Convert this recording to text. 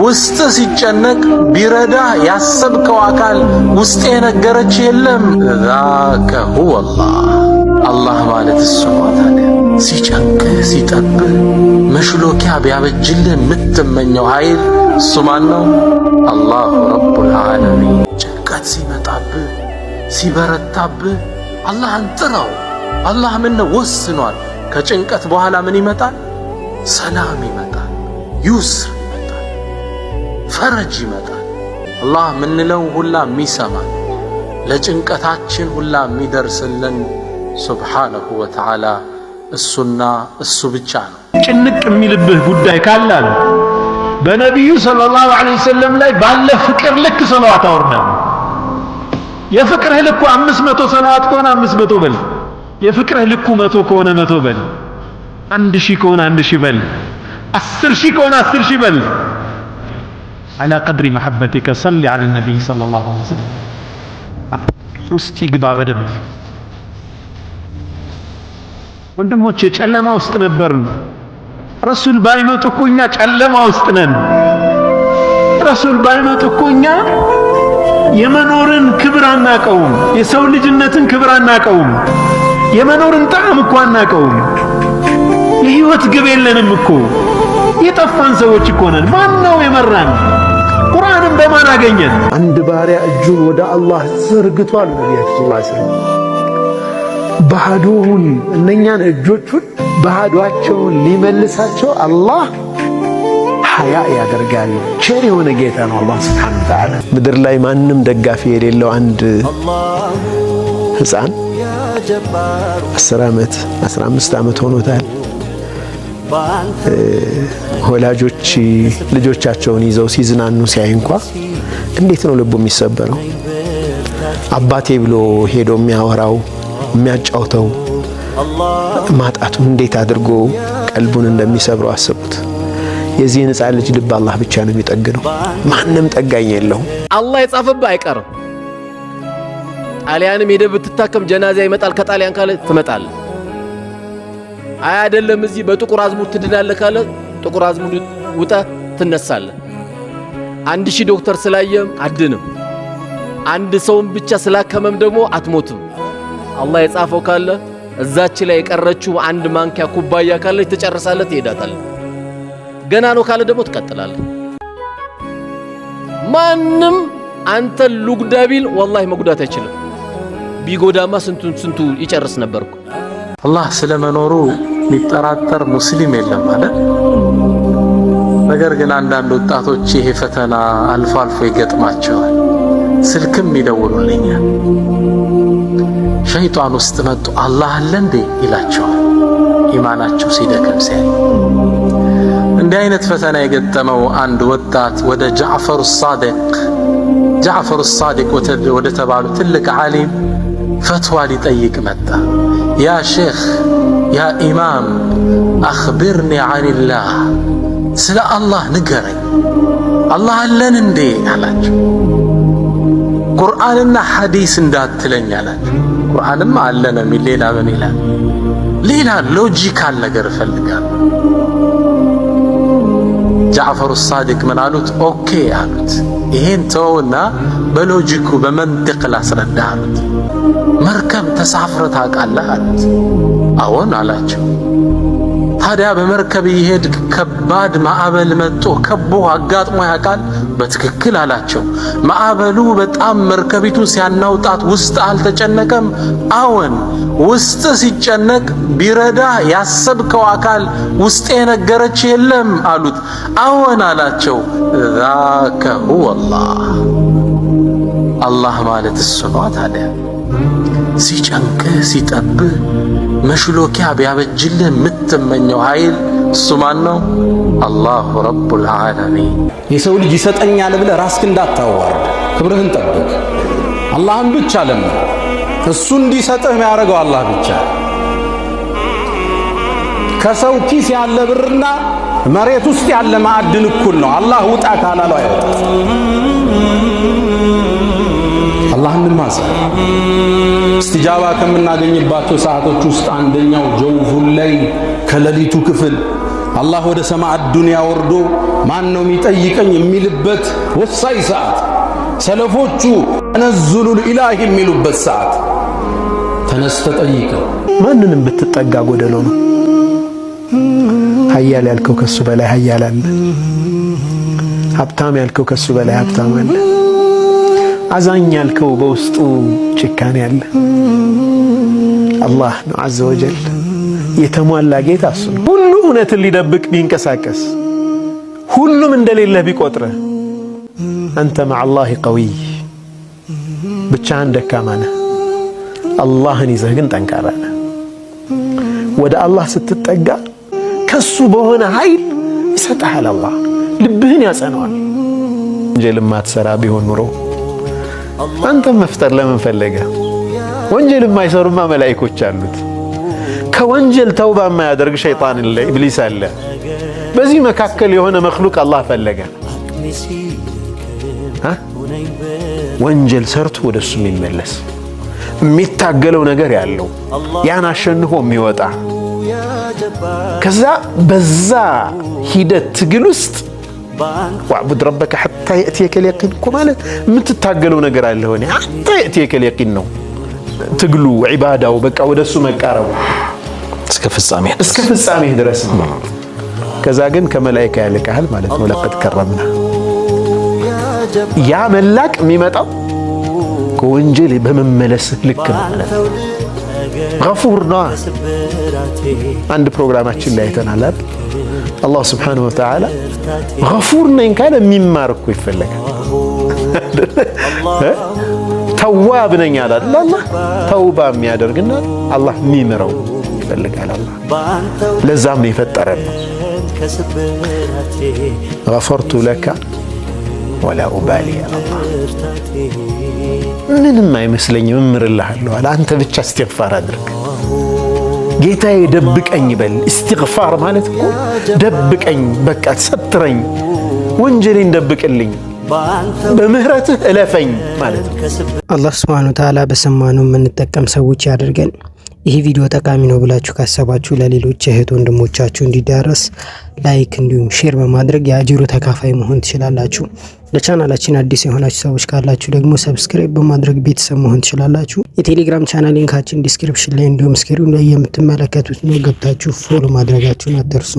ውስጥ ሲጨነቅ ቢረዳ ያሰብከው አካል ውስጥ የነገረች የለም ዛከ ሁወላህ አላህ ማለት እሱ ነው። ሲጨንቅ ሲጠብ መሽሎኪያ ቢያበጅልህ የምትመኘው ኃይል እሱ ማን ነው? አላሁ ረቡል ዓለሚን። ጭንቀት ሲመጣብህ ሲበረታብህ አላህን ጥራው። አላህ ምን ወስኗል። ከጭንቀት በኋላ ምን ይመጣል? ሰላም ይመጣል፣ ዩስር ፈረጅ ይመጣል። አላህ ምንለው ሁላ የሚሰማን ለጭንቀታችን ሁላ የሚደርስልን ሱብሓነሁ ወተዓላ እሱና እሱ ብቻ ነው። ጭንቅ የሚልብህ ጉዳይ ካላሉ በነቢዩ ሰለላሁ ዐለይሂ ወሰለም ላይ ባለ ፍቅር ልክ ሰለዋት አወርዳል። የፍቅርህ ልኩ አምስት መቶ ሰለዋት ከሆነ አምስት መቶ በል። የፍቅርህ ልኩ መቶ ከሆነ መቶ በል። አንድ ሺህ ከሆነ አንድ ሺህ በል። አስር ሺህ ከሆነ አስር ሺህ በል። አላ ቀድሪ መሐበቲከ ሰሊ አለ ነቢይ ሰለላሁ ዐለይሂ ወሰለም። ውስጥ ይግባ በደንብ ወንድሞቼ፣ ጨለማ ውስጥ ነበርን። ረሱል ባይመጡ እኮ እኛ ጨለማ ውስጥ ነን። ረሱል ባይመጡ እኮ እኛ የመኖርን ክብር አናቀውም። የሰው ልጅነትን ክብር አናቀውም። የመኖርን ጣዕም እኮ አናቀውም። የህይወት ግብ የለንም እኮ የጠፋን ሰዎች እኮ ነን። ማን ነው የመራን? ቁርአንን በማን አገኘን? አንድ ባሪያ እጁን ወደ አላህ ዘርግቷል። ነቢያችን ሰለላሁ ዐለይሂ ባዶውን እነኛን እጆቹን ባዶአቸውን ሊመልሳቸው አላህ ሀያ ያደርጋል። ቸር የሆነ ጌታ ነው አላህ ሱብሓነሁ ወተዓላ። ምድር ላይ ማንም ደጋፊ የሌለው አንድ ህፃን 10 ዓመት 15 ዓመት ሆኖታል ወላጆች ልጆቻቸውን ይዘው ሲዝናኑ ሲያይ እንኳ እንዴት ነው ልቡ የሚሰበረው? አባቴ ብሎ ሄዶ የሚያወራው የሚያጫውተው ማጣቱ እንዴት አድርጎ ቀልቡን እንደሚሰብረው አስቡት። የዚህን ሕፃን ልጅ ልብ አላህ ብቻ ነው የሚጠግነው። ማንም ጠጋኝ የለውም። አላህ የጻፈብህ አይቀርም። ጣሊያንም ሄደህ ብትታከም ጀናዚያ ይመጣል። ከጣሊያን ካለ ትመጣለህ። አይ አይደለም እዚህ በጥቁር አዝሙድ ትድናለህ ካለ ጥቁር አዝሙድ ውጠ ትነሳለህ። አንድ ሺህ ዶክተር ስላየም አድንም፣ አንድ ሰውን ብቻ ስላከመም ደግሞ አትሞትም። አላህ የጻፈው ካለ እዛች ላይ የቀረችው አንድ ማንኪያ ኩባያ ካለች ትጨርሳለህ፣ ትሄዳታለህ። ገና ነው ካለ ደግሞ ትቀጥላለህ። ማንም አንተ ሉግዳቢል ቢል ወላሂ መጉዳት አይችልም። ቢጎዳማ ስንቱ ስንቱ ይጨርስ ነበርኩ። አላህ ስለመኖሩ የሚጠራጠር ሙስሊም የለም ማለት። ነገር ግን አንዳንድ ወጣቶች ይሄ ፈተና አልፎ አልፎ ይገጥማቸዋል። ስልክም ይደውሉልኛል። ሸይጣን ውስጥ መጡ። አላህ አለ እንዴ ይላቸዋል። ኢማናቸው ሲደክም ሲያይ እንዲህ አይነት ፈተና የገጠመው አንድ ወጣት ወደ ጃዕፈር ሳዲቅ ጃዕፈር ሳዲቅ ወደ ተባሉ ትልቅ ዓሊም ፈትዋ ሊጠይቅ መጣ። ያ ሼኽ ያ ኢማም አኽቢርኒ ዐኒላህ ስለ አላህ ንገረኝ፣ አላህ አለን እንዴ አላቸው። ቁርአንና ሐዲስ እንዳትለኝ አላቸው። ቁርአንም አለ ነው የሚል ሌላ ምን ይላል? ሌላ ሎጂካል ነገር እፈልጋለሁ። ጃዕፈሩ ሳዲቅ ምን አሉት? ኦኬ አሉት። ይሄን ተወውና በሎጂኩ በመንጥቅ ላስረዳ አሉት። መርከብ ተሳፍረ ታውቃለህ አሉት። አዎን አላቸው። ታዲያ በመርከብ ይሄድ ከባድ ማዕበል መጥቶ ከቦ አጋጥሞ ያውቃል? በትክክል አላቸው። ማዕበሉ በጣም መርከቢቱ ሲያናውጣት ውስጥ አልተጨነቀም? አዎን ውስጥ ሲጨነቅ ቢረዳ ያሰብከው አካል ውስጥ የነገረች የለም አሉት። አዎን አላቸው። ዛከ ሁወላህ አላህ ማለት እሱ ነው። ታዲያ ሲጨንቅህ ሲጠብህ መሽሎኪያ ቢያበጅልህ የምትመኘው ኃይል እሱ ማን ነው? አላሁ ረቡል ዓለሚን። የሰው ልጅ ይሰጠኛል ብለህ ራስክ እንዳታዋርድ፣ ክብርህን ጠብቅ። አላህን ብቻ ለምን እሱ እንዲሰጥህ የሚያደርገው አላህ ብቻ። ከሰው ኪስ ያለ ብርና መሬት ውስጥ ያለ ማዕድን እኩል ነው። አላህ ውጣ ካላለው አይወጣም። አላህን ማዘ እስትጃባ ከምናገኝባቸው ሰዓቶች ውስጥ አንደኛው ጀውፉን ላይ ከሌሊቱ ክፍል አላህ ወደ ሰማዕ ዱንያ ወርዶ ማን ነው የሚጠይቀኝ የሚልበት ወሳኝ ሰዓት፣ ሰለፎቹ ተነዝሉል ኢላህ የሚሉበት ሰዓት። ተነስተ ጠይቀ ማንንም ብትጠጋ ጎደሎ ነው። ሀያል ያልከው ከሱ በላይ ሀያል አለ። ሀብታም ያልከው ከሱ በላይ ሀብታም አለ። አዛኝ ያልከው በውስጡ ጭካኔ አለ። አላህ ነው ዐዘ ወጀል የተሟላ ጌታ እሱ ነው። ሁሉ እውነትን ሊደብቅ ቢንቀሳቀስ፣ ሁሉም እንደሌለህ ቢቆጥርህ፣ አንተ መዐላሂ ቀዊይ ብቻህን ደካማ ነህ። አላህን ይዘህ ግን ጠንካራ ነህ። ወደ አላህ ስትጠጋ ከሱ በሆነ ኃይል ይሰጠሃል። አላህ ልብህን ያጸነዋል። ወንጀል ማትሰራ ቢሆን ኑሮ አንተም መፍጠር ለምን ፈለገ? ወንጀል የማይሰሩማ መላእኮች አሉት። ከወንጀል ተውባ የማያደርግ ሸይጣን ኢብሊስ አለ። በዚህ መካከል የሆነ መክሉቅ አላህ ፈለገ። ወንጀል ሰርቶ ወደሱ የሚመለስ የሚታገለው ነገር ያለው ያን አሸንፎ የሚወጣ ከዛ በዛ ሂደት ትግል ውስጥ واعبد ربك حتى ياتيك اليقين كو مالت من تتاقلو نقرا اللهوني حتى ياتيك اليقين نو تقلو عباده وبقى ودسو مقارب اسكف السامي اسكف السامي درس كذا جن كملائكه لك اهل مالت نو لقد كرمنا يا ملاك ميمطاو كونجلي بممملس لك مالت غفورنا عند برنامجنا اللي الله سبحانه وتعالى ገፉር ነኝ ካለ የሚማር እኮ ይፈለጋል። ተዋብ ነኝ አለ አላህ ተውባ የሚያደርግና አላህ የሚምረው ይፈልጋል። ለዛም ነው የፈጠረን። ገፈርቱ ለካ ወላ ኡባሊ ምንም አይመስለኝም እምርልሃለሁ አለ። አንተ ብቻ እስትግፋር አድርግ ጌታዬ ደብቀኝ በል። እስትግፋር ማለት እኮ ደብቀኝ፣ በቃ ሰትረኝ፣ ወንጀሌን ደብቅልኝ፣ በምህረትህ እለፈኝ ማለት ነው። አላህ ስብሐነሁ ወተዓላ በሰማነው የምንጠቀም ሰዎች ያደርገን። ይህ ቪዲዮ ጠቃሚ ነው ብላችሁ ካሰባችሁ ለሌሎች እህት ወንድሞቻችሁ እንዲዳረስ ላይክ እንዲሁም ሼር በማድረግ የአጅሩ ተካፋይ መሆን ትችላላችሁ። ለቻናላችን አዲስ የሆናችሁ ሰዎች ካላችሁ ደግሞ ሰብስክራይብ በማድረግ ቤተሰብ መሆን ትችላላችሁ። የቴሌግራም ቻናል ሊንካችን ዲስክሪፕሽን ላይ እንዲሁም ስክሪን ላይ የምትመለከቱት ነው። ገብታችሁ ፎሎ ማድረጋችሁን አትርሱ።